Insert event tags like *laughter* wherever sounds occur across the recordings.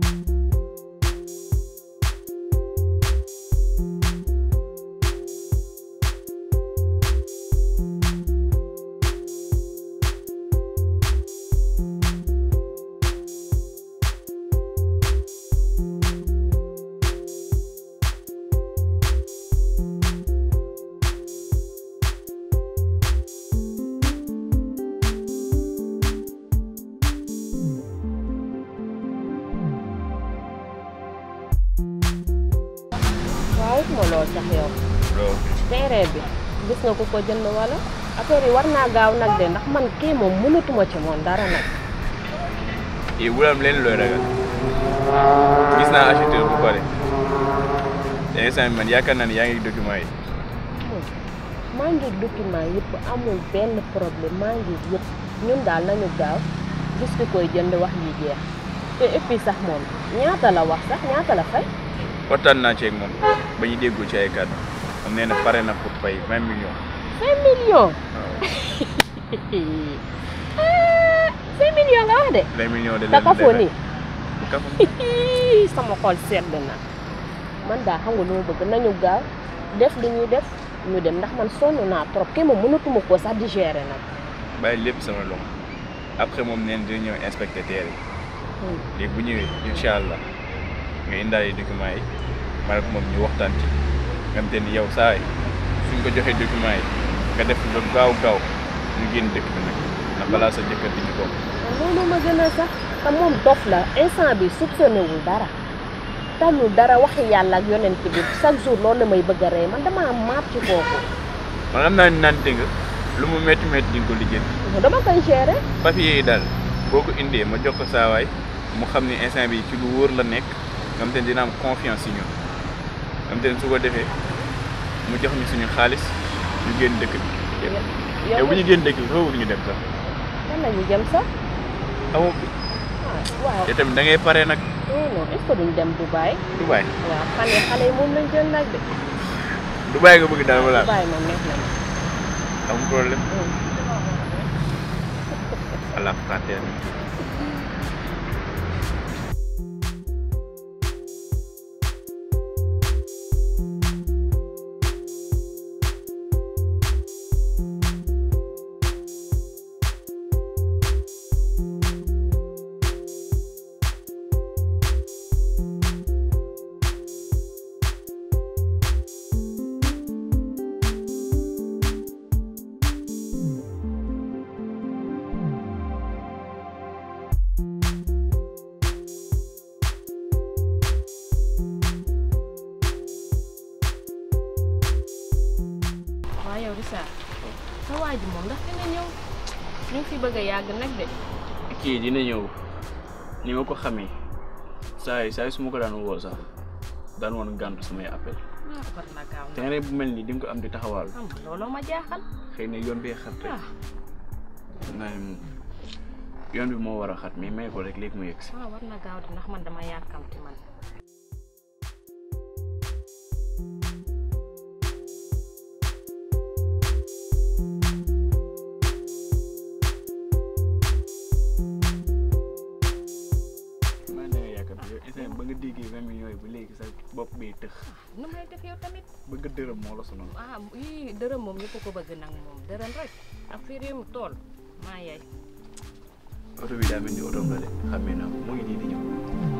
thank you mënoo ko ko jënd wala affaire yi war naa gaaw nag de ndax man kii moom mënatuma ci moom dara nag. yow wulam leen looy ragal gis naa acheteur bu pare te instant man yaakaar naa ni yaa ngi document yi. maa ngi document yëpp amul benn problème maa ngi yëpp ñun daal nañu gaaw gis koy jënd wax yi jeex te et sax moom ñaata la wax sax ñaata la fay. waxtaan naa ci moom ba ñu déggoo ci ay kàddu. moom nee na pare na pour fay vingt millions. vingt millions. ah cinq millions nga wax de. vingt sama xol sedd na. man daa xam lu ma bëgg nañu gaaw def li ñuy def ñu dem ndax man sonn naa trop kii moom mënatuma koo sax digérer nag. bàyyi lépp sama loxo après moom neen di ñëw inspecté terre yi. Hmm. léegi bu ñëwee incha allah nga indaale documents yi man ak moom ñu waxtaan ci. nga xamante ni yow saay suñ ko joxee document yi nga def lu gaaw gaaw ñu génn dëkk bi nag ndax balaa sa jëkkër di ñu ko. loolu ma gën a sax te moom dof la instant bi soupçonné wul dara tànnu dara waxi yàlla ak yonent bi chaque jour loolu may bëgg a rey man damaa maap kooku. man am naa ni naan dégg lu mu métti métti di nga ko liggéey. dama koy gérer. papier yi daal boo ko indee ma jox ko saawaay mu xam ni instant bi ci lu wóor la nekk nga xamante ni dina am confiance am te su ko defee mu jox mi suñu xaalis ñu génn dëkk bi. yow ñu génn dëkk bi foofu ñu dem ñu jëm sax. Ah, tamit da pare nag. Oh, non est-ce que duñ xale yi moom lañ jël nag de. Dubaï nga bëgg daal wala. Dubaï moom neex na ma. problème. Oh. allah fàtte kii dina ñëw ni ma ko xamee saa yi saa yi su ma ko daan woo sax daan woon gàntu samay appel ah, terrain bu mel nii di ko am di taxawaal ah, looloo ma jaaxal. xëy na yoon bee ah. yoon bi moo war a xat mais may ko rek léegi mu yegg si. nga déggee vingt millions yooyu ba léegi sa bopp bee tëx. nu may def yow tamit. bëgg dërëm moo la sonal. ah yii dërëm moom ñëpp ko bëgg nag moom dërëm rek affaire yi tool maa yaay. oto bi daa mel ni oto la de xam naa mu ngi nii di ñëw.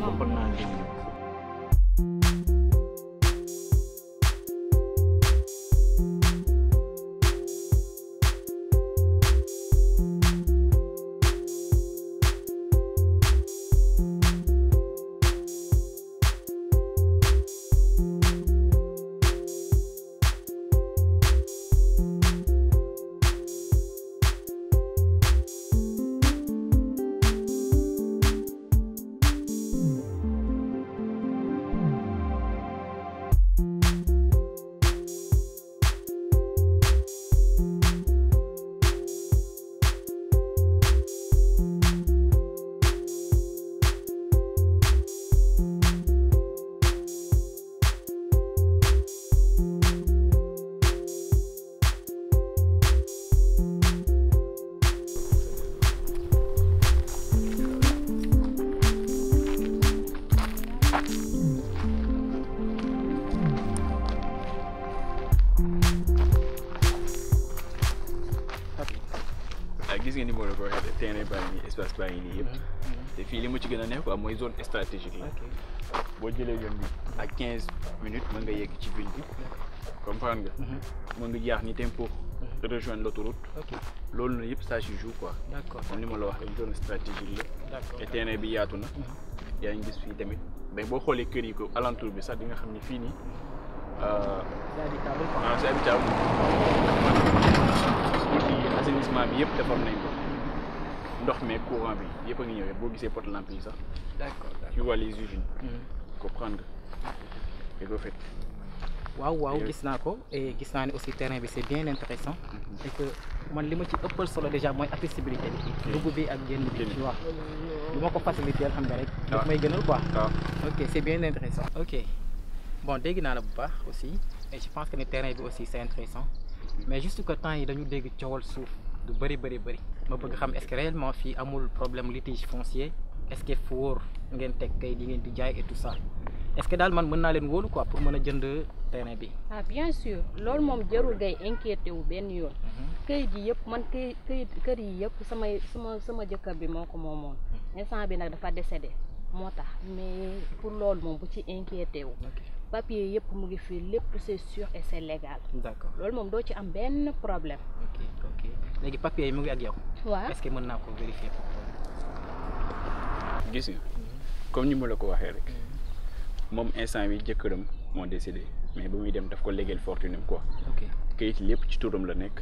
comprendre naa li baa nii yëpp mhm. te fii li ma ci gën a neex quoi mooy zone stratégique la boo jëlee yoon bi ak quinze minutes mën nga yegg ci ville bi comprendre nga mhm. mën nga jaax ni tempo mhm. rejoindre l'autoroute loolu na yëpp ça se joue quoi comme ni ma la wax rek zone stratégique la et terrain bi yaatu na yaa ngi fii tamit mais boo xoolee kër yi ko alentour bi sax di nga xam ni fii nii c'est habitable euh, bi yëpp defar nañ ko ndox mi courant bi yëpp a ngi ñëw boo gisee pot lampe yi sax. Mhm. waaw waaw gis naa ko et gis naa ne aussi terrain bi c'est bien intéressant mhm. et que man li ma ci ëppal solo déjà mooy accessibilité bi dugg bi ak génn bi tu vois lu ma ko faciliter xam nga rek ah. daf may gënal quoi ah. ok c'est bien intéressant ok bon dégg naa la bu baax aussi et je pense que ne terrain bi aussi c'est intéressant mhm. mais juste que temps yi dañu dégg coowal suuf du bëri bëri bëri ma bëgg xam est-ce que fii amul problème litige foncier est-ce que fu wóor ngeen teg kay yi ngeen di jaay et tout ça est-ce que daal man mën naa leen wóolu ko pour mën a jënd terrain bi. ah bien sûr loolu moom jarul gay inquiété wu benn yoon. Mhm. këyit yi yëpp man këyit këyit kër yi yëpp samay sama sama jëkkër bi moo ko moomoon. Mhm. instant bi nag dafa décédé moo tax mais pour loolu moom bu ci inquiété wu. papier yëpp mu ngi fii lépp c'est sûr et c'est légal. d'accord loolu moom doo ci am benn problème. ok léegi papier yi mu ngi ak yow. waaw est que mën naa ko vérifier. gis nga comme ni ma la ko waxee rek moom instant bi jëkkëram moo décidé mais ba muy dem daf ko légal fortune am quoi. ok kayit lépp ci turam la nekk.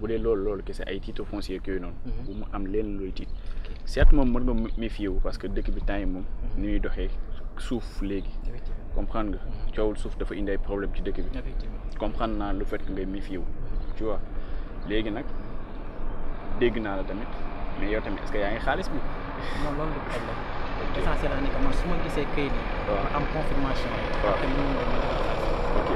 bu dee loolu loolu kese ay tiito foncier yooyu noonu. bu mu am leen looy tiit. certes moom mën nga méfier wu parce que dëkk bi temps yi moom. ni muy doxee. suuf léegi. comprendre nga mhm. coowul suuf dafa indi problème ci dëkk bi. comprendre naa lu fait que ngay méfier wu. tu vois léegi nag dégg naa la tamit mais yow tamit est que yaa ngi xaalis bi. su ma gisee këyit yi. waaw am confirmation. waaw te mënul nga ok.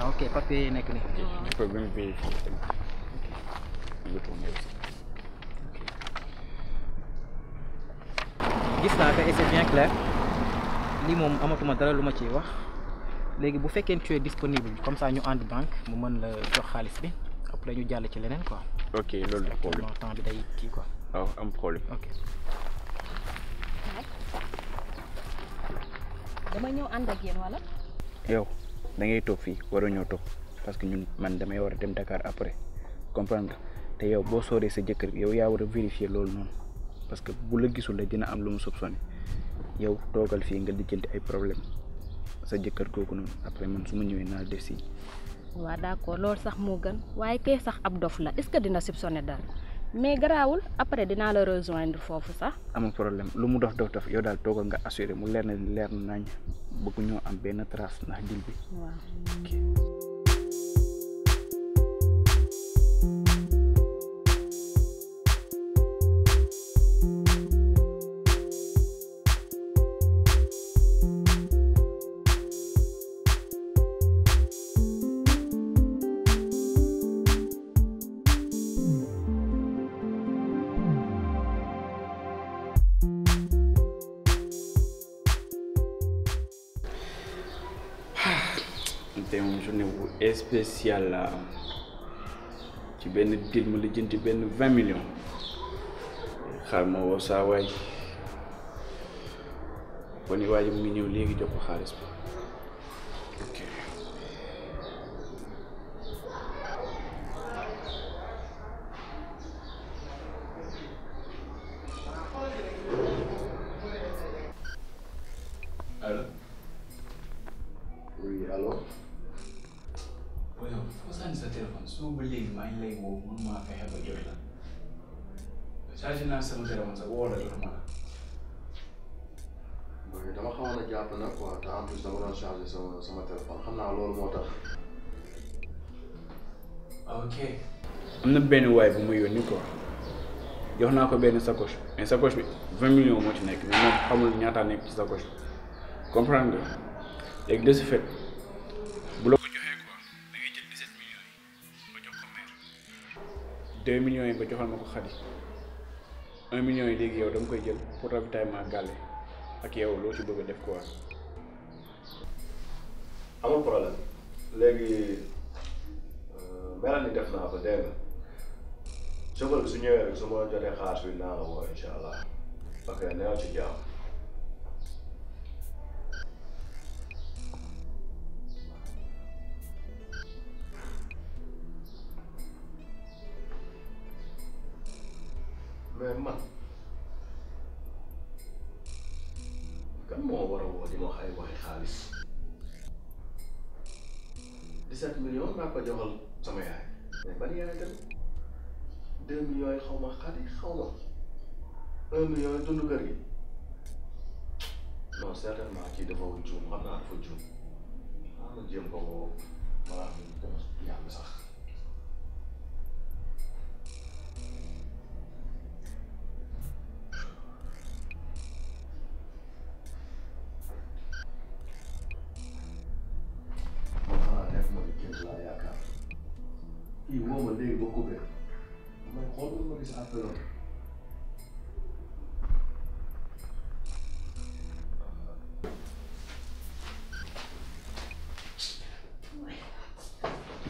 Ah, ok papier yi nekk nii. gis naa ko et bien clair lii moom amatuma dara lu ma ciy wax léegi bu fekkee tu disponible comme ça ñu ànd banque mu mën la jox xaalis bi après ñu jàll ci leneen quoi. ok loolu du problème bi day kii quoi. waaw oh, am problème. ñëw ànd ak yéen wala. yow da toog fii war a ñoo toog parce que ñun man damay war a dem Dakar après comprendre te yow boo sooree sa jëkkër yow yaa war a vérifier loolu noonu parce que bu la gisul la dina am lu mu soupçonné yow toogal fii nga lijjanti ay problème sa jëkkër kooku noonu après man su ma ñëwee naa def si. waaw d'accord loolu sax moo gën waaye kay sax ab dof la est-ce que dina soupçonné dara mais garaawul après dinaa la rejoindre foofu sax. amul problème lu mu dof dof dof yow daal toogal nga assuré mu leer na leer nañ bëgg ñoo am benn trace ndax dil bi. waaw. journée bu spéciale euh, la am ci benn deal ma lijjanti benn vingt millions xaar ma saa waay ba ni waa ji mu ngi ñëw léegi jox ko xaalis bi na benn waay bu ma yónni quoi jox naa ko benn sacoche mais sacoche bi vingt moo ci nekk mais moom xamul ñaataa nekk ci sacoche bi comprendre nga léegi de bu la ko joxee quoi da ngay jël dix-sept millions yi nga jox ko yi nga joxal ma ko xadi un million yi léegi yow dama koy jël pour ravitaillement gàlle ak yow loo ci bëgg def ko euh, dégg sofër bi su ñëwee rek su ma jotee xaalis naa la woo allah ok ne ci jàmm. kii woo ma léegi boo coupé man xool nga ma gis affaire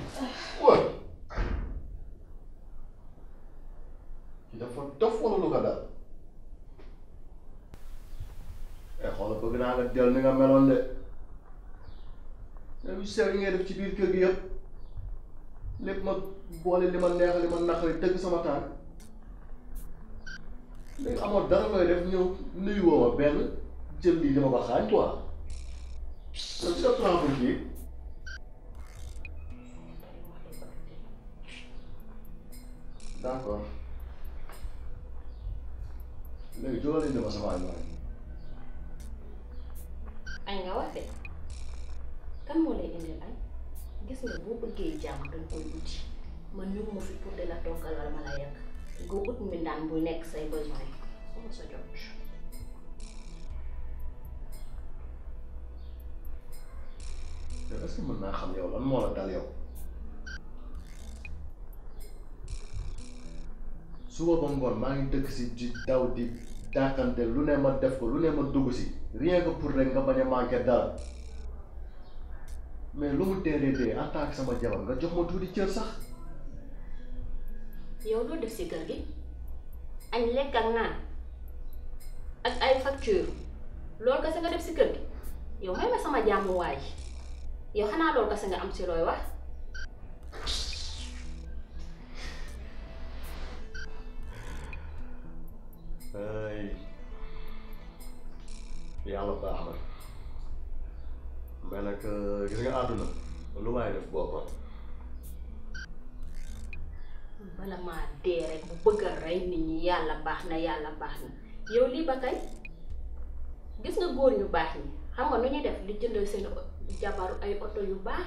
am dafa dof wala lu ko dal e xoola bëgg naa nga del ni nga meloon de yow yu sew yi ngay def lépp ma boole li ma neex li ma naqari dëgg sama taal léegi amoon dara looy def ñëw nuyu woo ma benn jël lii dama ba xaañ quoi loolu si def trente bii d'accord léegi jógal nañ dama sama añ ma añ nga gis nga boo bëggee jàmm dañ koy wuti man ñëw fi pour de la toggal wala ma la yàq nga ut mbindaan buy nekk say besoin sama sa jot mais est-ce naa xam yow lan moo la dal yow suba ba ngoon maa ngi dëkk si di daw di lu ne ma def ko lu ne ma dugg si rien que rek nga bañ a manqué dara mais lu mu dee dee en tant que sama jabar nga jox ma tuuti cër sax. yow loo def si kër gi añ lekk ak naan ak ay facture loolu kese nga def si kër gi yow may ma sama jàmmuwaay yow xanaa loolu kese nga am si looy wax. ay yàlla baax na. mais nag eh, gis nga àdduna lu waay def boppam. bala maa dee rek bu bëgg a rey nit ñi yàlla baax na yàlla baax na yow lii ba kay gis nga góor ñu baax ñi xam nga nu ñuy def li jëndal seen jabaru ay oto yu baax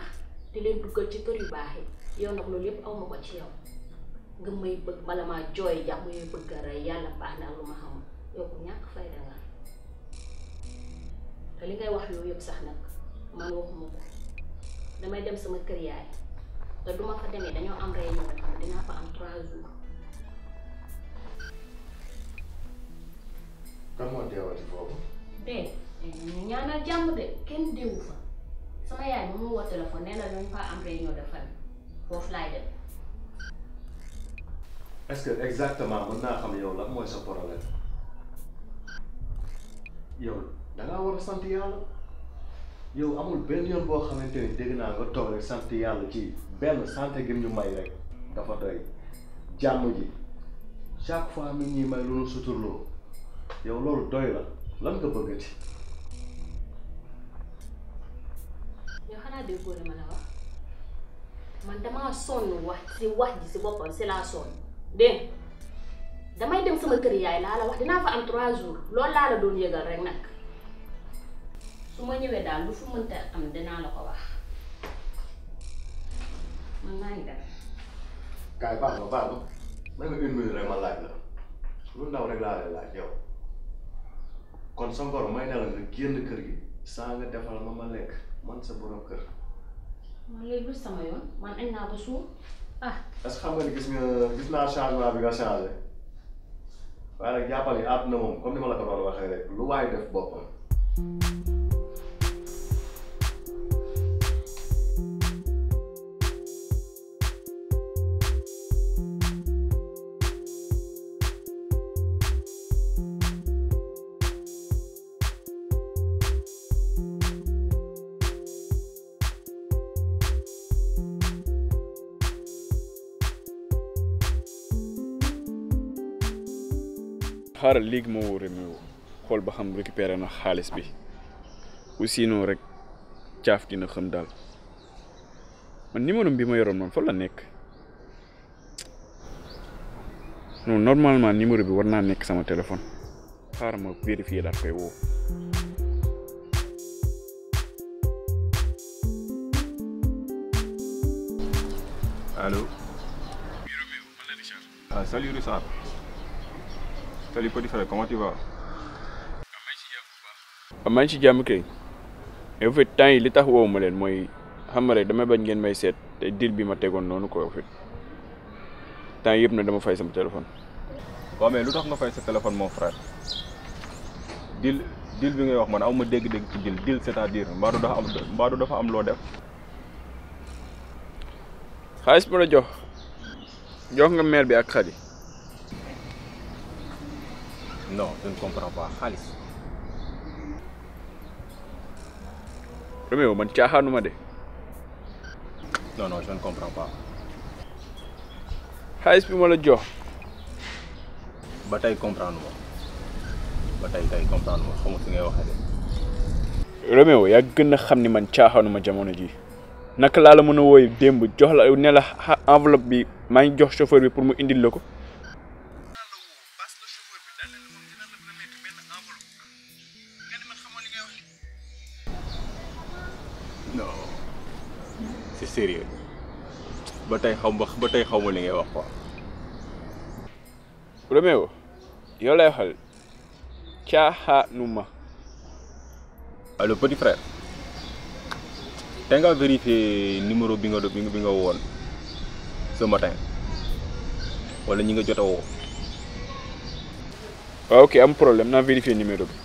di leen duggal ci kër yu baax yi yow nag loolu yépp aw ma ko ci yow nga may bëgg bala maa jooy jàmm yow bëgg a rey yàlla baax na lu ma xamul yow ku ñàkk fayda nga te li ngay wax yooyu yépp sax nag. man waxuma ko damay dem sama kër yaay te duma fa demee dañoo am réunion boo xam dinaa fa am trois jours. kan moo deewati foofu. de ñu ñaanal jàmm de kenn deewu fa sama yaay bi mu woo téléphone nee na ñu fa am réunion de famille foofu laay dem. est-ce que exactement mën naa xam yow lan mooy sa problème yow da war a sant yow amul benn yoon boo xamante ni dégg naa nga toog rek sant yàlla ci benn santé gi ñu may rek dafa doy jàmm ji chaque fois mi ñuy may loolu suturloo yow loolu doy la lan nga bëgg ci. yow xanaa déggoo ma la wax man damaa sonn wax si wax ji si boppam si laa sonn dégg damay dem sama kër laa la wax dinaa fa am trois jours loolu laa la doon yëgal rek nag. su ma daal lu fu mënta am dinaa la ko wax man maa ngi dem. kaay ma une ma laaj la lu ndaw rek laa lay laaj yow kon sa ngor may ne la gi saa nga defal ma ma man sa borom kër. man sama yoon man añ naa ko ah. est xam nga nga gis naa changement bi nga changé waaye nag jàppal ni àdduna moom comme ni ma la ko doon waxee xaaral léegi ma wóore mu xool ba xam récupéré na xaalis bi ou sinon rek caaf dina xam daal man numéro bi ma yoroon moom fan la nekk non normalement numéro bi war naa nekk sama téléphone xaaral ma vérifier daal koy woo. Salut petit frère, maa ngi ci jàmm kay et au fait temps yi li tax woowu ma leen mooy xam nga rek damay bañ ngeen may seet te deal bi ma tegoon noonu ko au temps yëpp na dama fay sama téléphone. waaw mais lu tax nga fay sa téléphone mon frère deal deal bi ngay wax man awma dégg-dégg ci deal deal c'est-à-dire mbaadu dafa am dafa am loo def. xaalis ma la jox jox nga mère bi ak xadi non je ne comprends pas xaalis. Roméo man caaxaanuma de. non non je ne comprends xaalis bi ma la jox. ba tey comprendre ma ba tey tey comprendre ma xamul fi ngay waxee de. Roméo yaa gën a xam ni man caaxaanuma jamono ji naka laa la mën a wooyu démb jox la ne la enveloppe bi maa ngi jox chauffeur bi pour mu indil la ko. sérieux ba tey xaw ma ba tey xaw ma li ngay wax quoi. Roméo yow lay waxal petit frère te nga numéro bi nga bi nga woon ce matin wala ñi nga jot a woo. Ah, ok am problème naa vérifié numéro bi.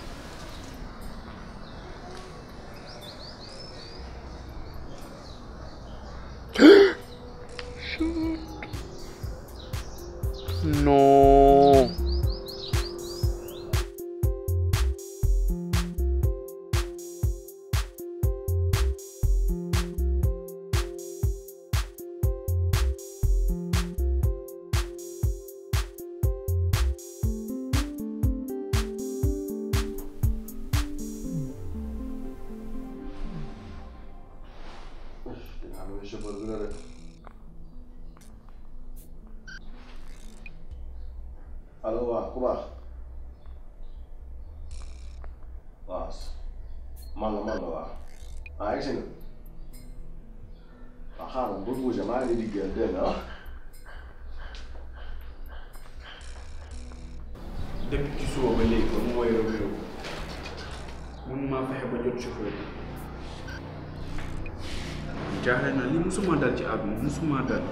musuma dal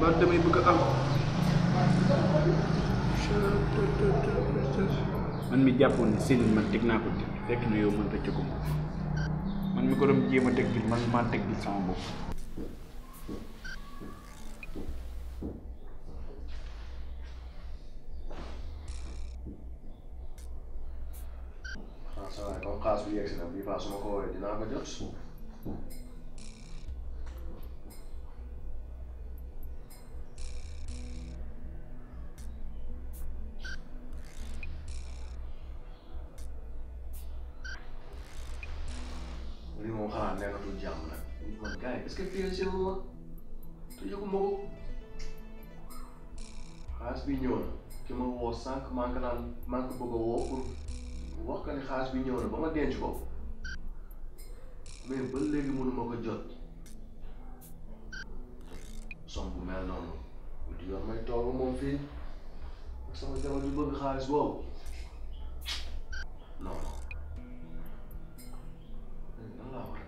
ba damay bëgg am man mi jàppoon ne Céline man teg naa ko teg fekk na yow man rëcc ko man mi ko doon jéem teg bi man maa teg bi sama bopp ma ko woowee dinaa pipinsel tuju ko ma ko xaalis bi ñëw na ki ma woo sànq maa ngi naan maa ngi bëgg a woo pour bi ñëw ba ma denc ko mais ba léegi mënu ma ko jot som bu mel noonu di yor may toog moom fii ak sama jabar ju bëgg xaalis boobu non non lan laa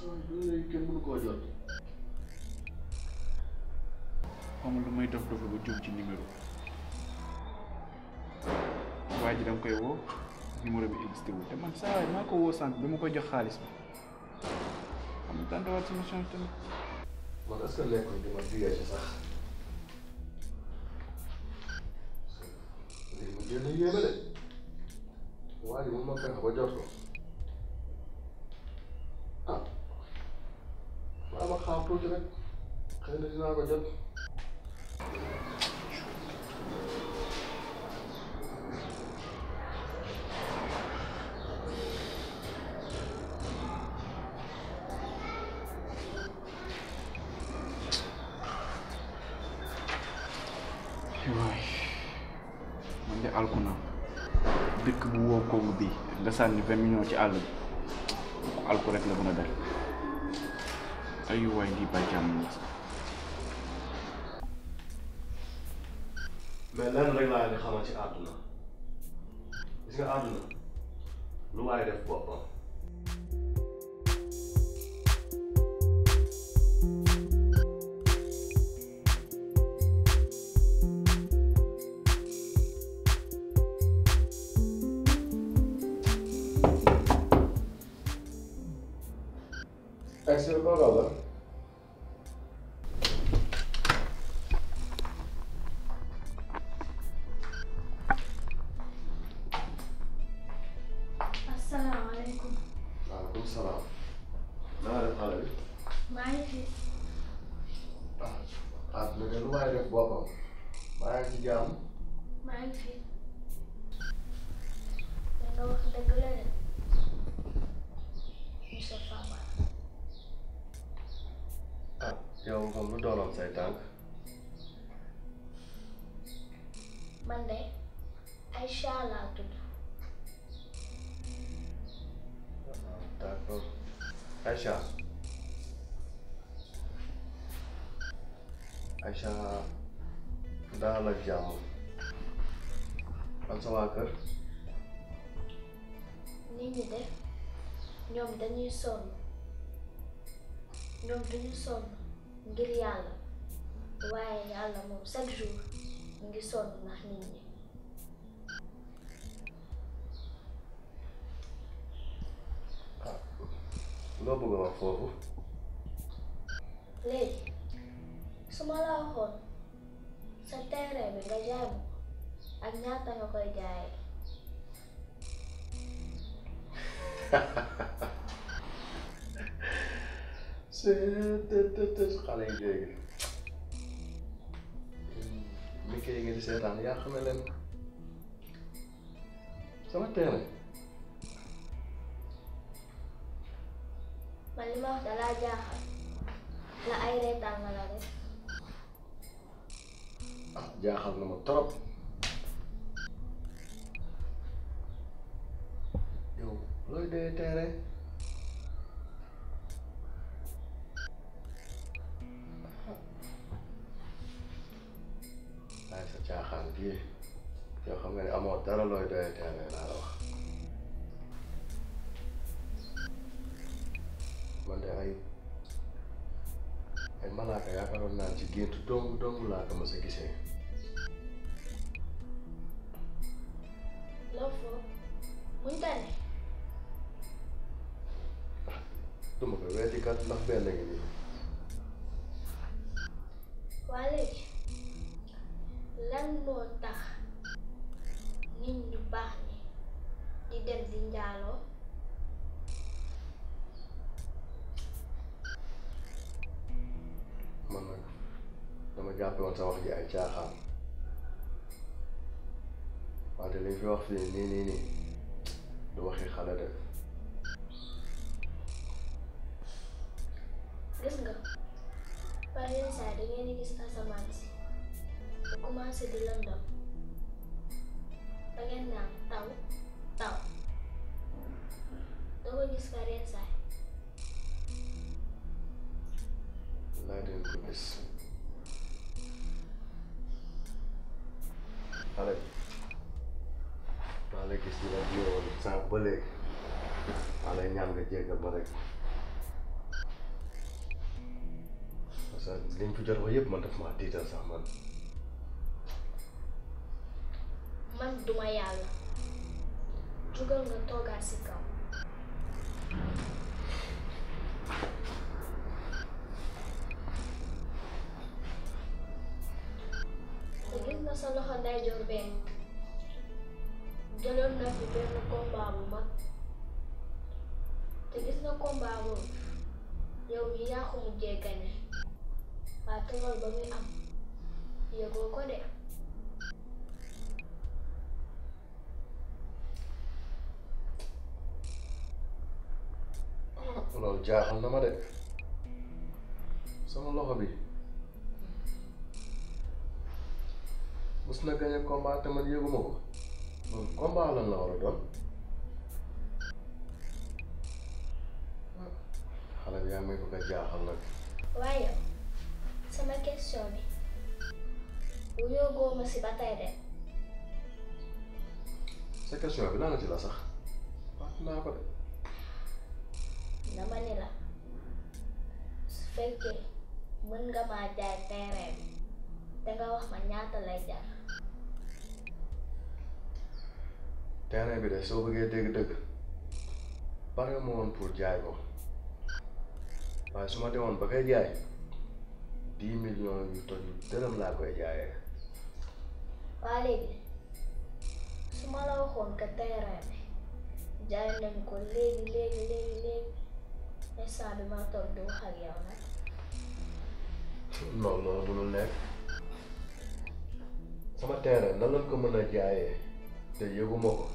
sama xamul lu may dof dof ba jóg ci numéro waa ji danga koy woo numéro bi existé te man saa maa ko woo sant bi ma koy jox xaalis bi xam nga tàndawaat sama change tamit. man est-ce que lekkul de waa ji mun ma fexe ba jot ko. tuuti waay man de alku na bu woo koongu bi nga sànni vingt millions ci àll bi alku rek la mën a def ayuwaay di ba jàmm mais lenn rek laa di xamal ci àdduna gis nga àdduna lu waaye def boppam Eksik olmalı. yow moom lu doonoon say tànk. man de Aïcha laa tudd. d'accord Aïcha. Aïcha daal la jàmm. man sama kër. nit ñi de ñoom dañuy sonn ñoom dañuy sonn. ngir yàlla waaye yàlla moom chaque jour mu ngi sonn ndax nit ñi. loo bëgg a wax foofu. léegi sa terrain bi nga jaay ma ak nga koy jaayee. *laughs* xale yi léegi métier yi nga di seetaan yaa xam ne leen sama terrain. man li ma wax laa jaaxal la ay reetaan na ma trop. yow looy dee terrain. bàyyi sa caaxaan bii yoo xam nga ne amoo dara looy doyee teere laa la wax man de ay ay malaaka yaakaaroon naa ci gént dong dong laa ko mës a gisee loo foofu muñ tane ah, duma ko weeti kat ndax nii léegi maa lay ñaan nga jéggal ma rek parce que liñ fi jot wax yëpp man daf maa tiital sax man. man duma yàlla jugal nga toogaat si kaw. te gis nga sa loxo ndeyjoor benn. Tengok babi enam. Ya, kau kau dek. loolu jaaxal na ma de sama loxo bi mus na gañe combat man yëguma ko loolu combat lan la war a doon bi yaa may bëgg a jaaxal nag waaye sama question bi bu yóbboo de. sa question bi naa la ci la naa ko de. dama ni la su fekkee mën nga maa jaay terrain bi da nga wax ma ñaata lay jar. terrain bi de soo bëggee dëgg-dëgg pare ma woon pour jaay ko waaye su mi millions yu toll dërëm laa koy jaayee. waa léegi su ma la waxoon que terrain bi jaay nañ ko léegi léegi léegi léegi instant bi ma toog non loolu mënul nekk sama terrain nan lañ ko mën a jaayee te yëguma ko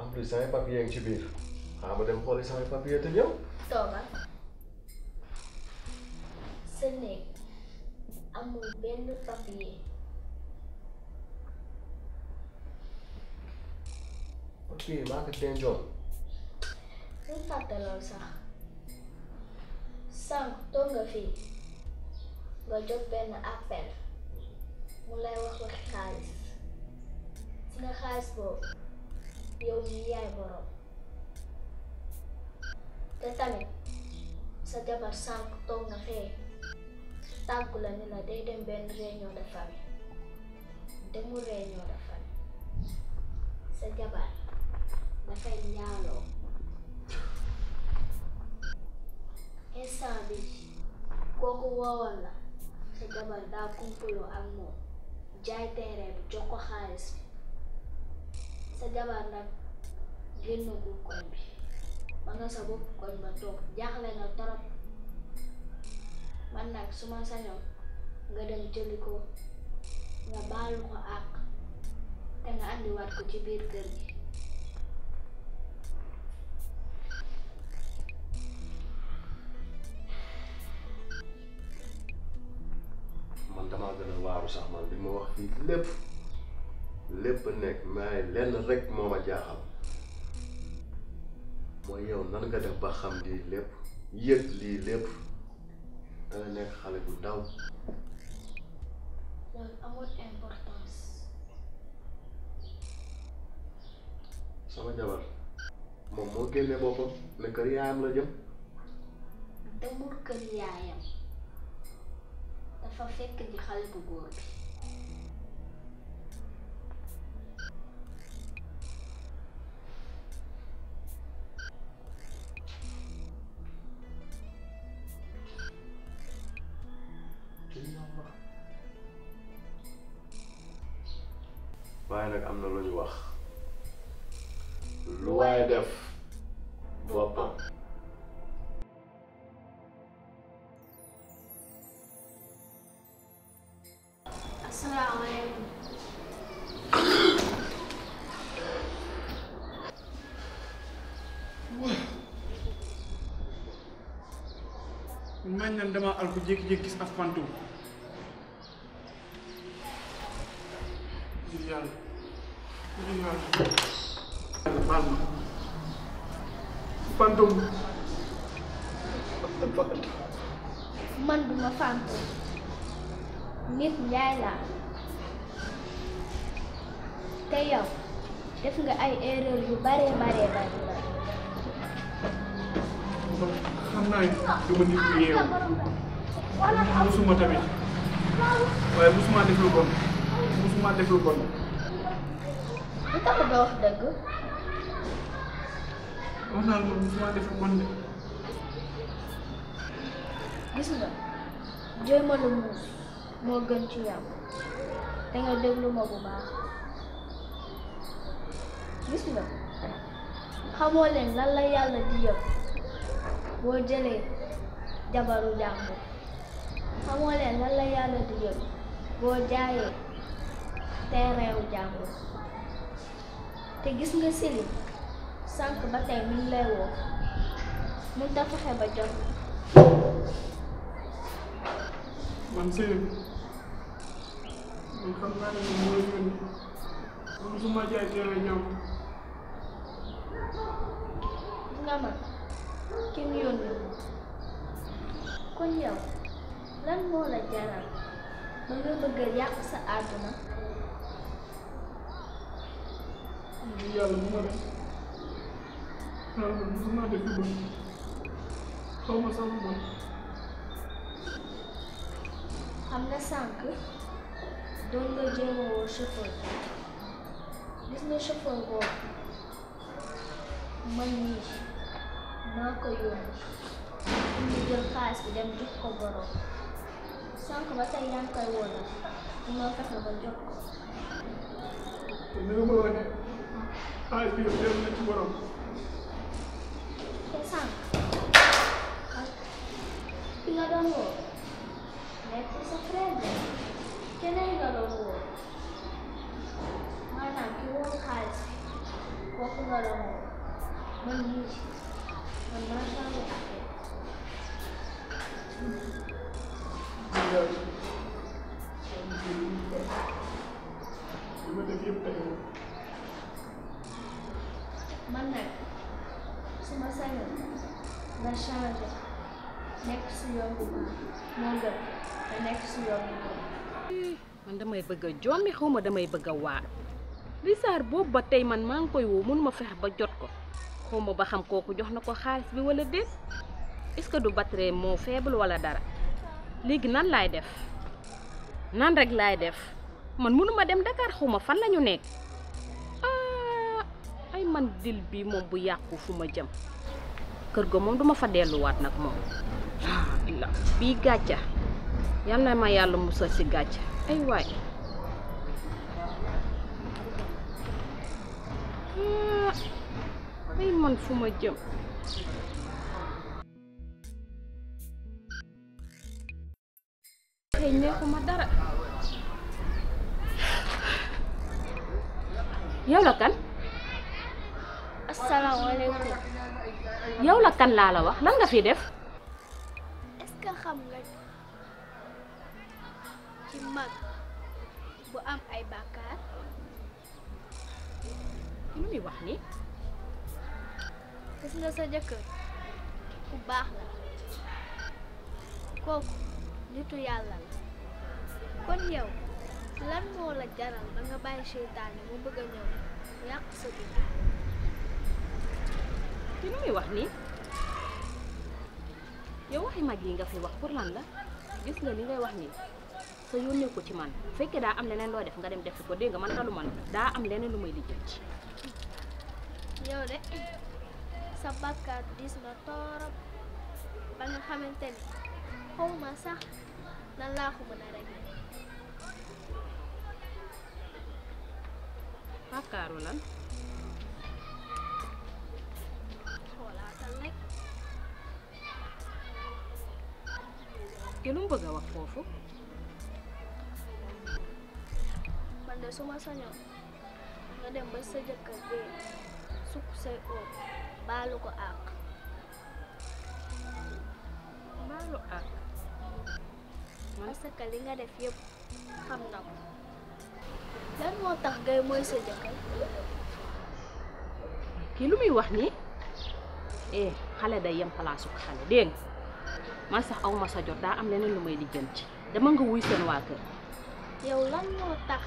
en plus samay papier ngi ci biir xaaral ma dem xooli samay papier te ñëw. toogal. sa néeg amul benn papier. ok maa ngi leen jox. ñu fàtte lool sax sànq nga fii nga jot benn appel mu lay wax waxi xaalis nga xaalis boobu yow ñu yaay borom te tamit sa nga fee. tàggu ni la day dem benn réunion de famille demul réunion sa jabar dafay ñaaloo instant bi kooku woowoon la sa jabar daa kumpaloo ak jaay terrain bi jox xaalis bi sa jabar nag génnagul koñ bi ba nga sa bopp koñ ba toog jaaxle nga torop man nag su ma sañoon nga dem jëli ko nga baalu ko àq te nga àndiwaat ko ci biir kër gi man damaa gën a waaru sax man li ma wax lépp lépp nekk maay lenn rek moo ma jaaxal mooy yow nan nga def ba xam lii lépp yëg lii lépp dana nekk xale bu ndaw. loolu amul importance. sama jabar moom moo génne boppam ne kër la jëm. demul kër yaayam dafa fekk ji xale bu góor nañ leen dama alku jékki-jékki gis af pantu man xam naa ne tamit waaye musuma def bon musuma def bon. lu tax nga wax dëgg. wax naa bon gis nga jooy ma lu muus moo gën ci yow te nga déglu ma bu baax gis nga xamoo leen lan la yàlla di yëpp boo jëlee jabaru jàmbur xamoo leen lan la yàlla di jël boo jaayee terrain wu jàmbur te gis nga sili sànq ba tey mi ngi mun ta ba jot man sili man xam naa ne mooy yónni man su jaay terrain jàmbur nga man kenn yónni kon yow lan moo la jaral ba nga bëgg yàq sa àdduna yàlla bu ma doon nga jéem a woo chauffeur gis nga chauffeur boobu man nii maa ko yónni mu jël xaalis bi dem jox ko borom sànq ba tey yaa ngi koy wóolu moo fexe ba jox ko. ni nga ko waxee xaalis bi yëpp dem na ci borom. te sànq ki nga doon woo nekk sa frère bi keneen nga doon woo maanaam ki woo xaalis kooku nga doon woo man mii. man nag su ma sañoon nga nekk si yoon bu moo gën nga nekk si yoon bu baax man damay bëgg a mi xaw ma damay bëgg a waar Richard boobu ba tey man maa ngi koy woo mënuma fex ba jot ko xawma ba xam kooku jox na ko xaalis bi wala déet est-ce que du batterie moo faible wala dara léegi nan laay def nan rekk laay def man mënuma dem Dakar xawma fan lañu nekk ah, ay man dil bi moom bu yàqu fu ma jëm kër ga moom duma fa delluwaat nag moom ah, bii gàcca yal na ma yàlla musal ci gàcca ay waay ah. ay man fu ma jëm tey neexuma dara yow la kan asalaamaaleykum yow la kan laa la wax lan nga fi def est-ce xam nga ci mag bu am ay bàkkaar lu muy wax nii Um. gis nga sa jëkkër ku baax la kooku nitu yàlla la kon yow lan moo la jaral ba nga bàyyi seytaane mu bëgg a ñëw yàq sa dund te lu muy wax nii yow waxi mag yi nga fi wax pour lan la gis nga li ngay wax nii sa yónnee ko ci man fekkee daa am leneen loo def nga dem def ko dégg man talu man daa am leneen lu may lijjanti yow de sa bàkkaar diis na torop ba nga xamante ni xawma sax nan laa mën a rek bàkkaaru lan xoolaatal rek lu mu bëgg a wax foofu man de su ma sañoon nga dem ba sa jëkkër dee sukk say óor baalu ko àq. baalu àq. parce que li nga def yëpp xam na ko. lan moo tax gay mooy sa jëkkër. kii lu muy wax nii eh xale day yem palaasu xale dégg nga man sax aw sa jot daa am leneen lu may lijjanti dama nga wuy seen waa kër. yow lan moo tax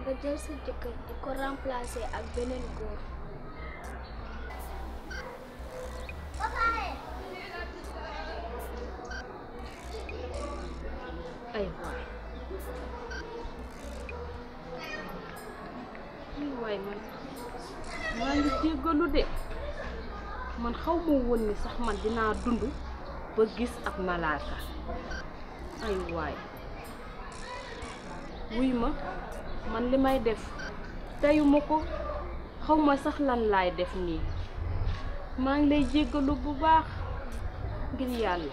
nga jël sa jëkkër di ko remplacer ak beneen góor. 废话。lii waay man maa ngi jéggalu de man xaw ma woon sax man dinaa dund ba gis ab malaaka ay waay wuy ma man li may def teyuma ko xaw ma sax lan laay def nii maa ngi lay jéggalu bu baax ngir yàlla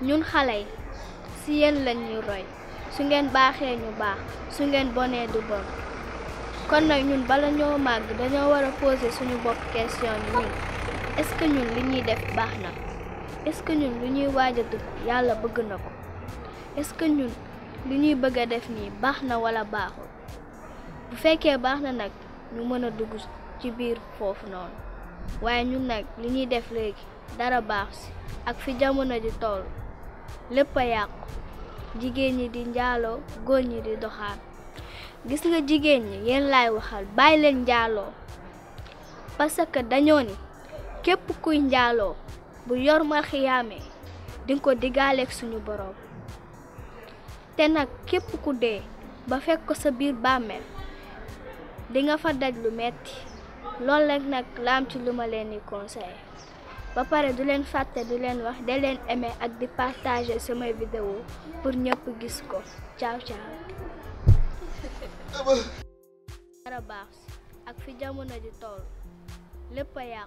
ñun xale yi si yéen lañ roy su ngeen baaxee ñu baax su ngeen bonee du bon kon nag ñun bala ñoo màgg dañoo war a poser suñu bopp kestion yi ñun est-ce que ñun li ñuy def baax na est-ce que ñun lu ñuy waaj a dugg yàlla bëgg na ko est-ce que ñun li ñuy bëgg a def nii baax na wala baaxul bu fekkee baax na nag ñu mën a dugg ci biir foofu noonu waaye ñun nag li ñuy def léegi dara baax si ak fi jamono ji toll lépp a yàqu jigéen ñi di njaaloo góor ñi di doxaan gis nga jigéen ñi yéen laay waxal bàyyi leen njaaloo parce que dañoo ni képp kuy njaaloo bu yor ma dinga ko digaaleeg suñu boroom te nag képp ku dee ba fekk ko sa biir bàmmeel di nga fa daj lu metti loolu rek nag laam ci lu ma leen di ba pare du leen fàtte du leen wax da leen aimer ak di partager samay vidéo pour ñëpp gis ko ciao ciao. ak fi jamono ji toll lépp a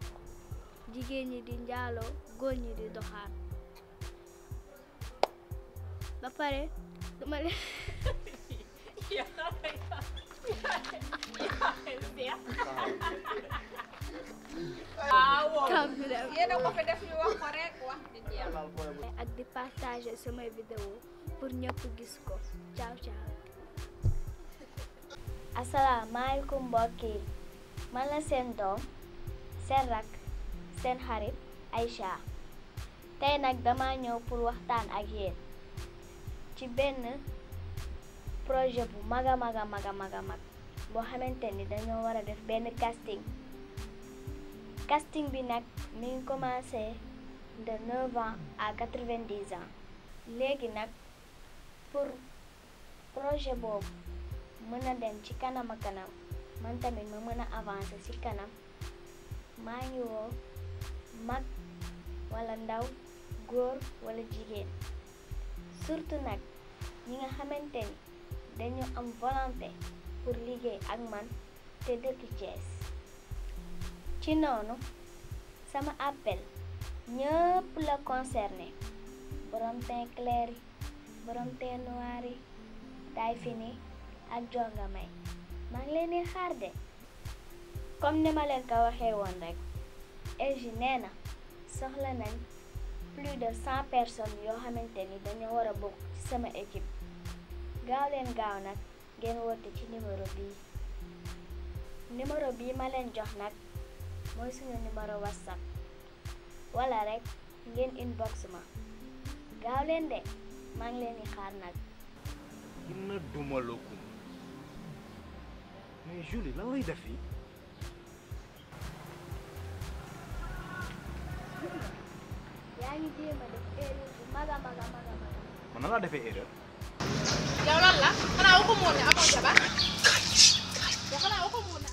ñi di njaaloo góor ñi ak di partager samay vidéo pour ñëpp gis ko ciao ciao asalaamaaleykum mbokk yi man la seen doom seen rak seen xarit Aïcha tey nag dama ñëw pour waxtaan ak yéen ci benn projet bu mag a mag a mag a mag boo xamante ni dañoo war a def benn casting casting bi nag mi ngi commencé de 9 ans à 90 ans léegi nag pour projet boobu mën a dem ci kanam a kanam man tamit ma mën a avancer ci kanam maa ngi woo mag wala ndaw góor walla jigéen surtout nag ñi nga xamante ni dañu am volonté pour liggéey ak man te dëkk Thiès. ci noonu sama appel ñëpp la concerné borom teint borom teint noir yi taay fini ak jongamay maa ngi leen di xaar de comme ni ma leen ko waxee woon rek EJ nee na soxla nañ plus de cent personnes yoo xamante ni dañoo war a bokk ci sama équipe gaaw leen gaaw nag ngeen woote ci numéro bi numéro bii ma leen jox nag. mooy suñu numéro whatsapp wala rek ngeen inbox ma gaaw leen de maa leen di xaar nag. dina duma lokum mais Julie lan laa defee erreur. yow lan la xanaa waxu moon ne amoon jabar. yow xanaa waxu moon ne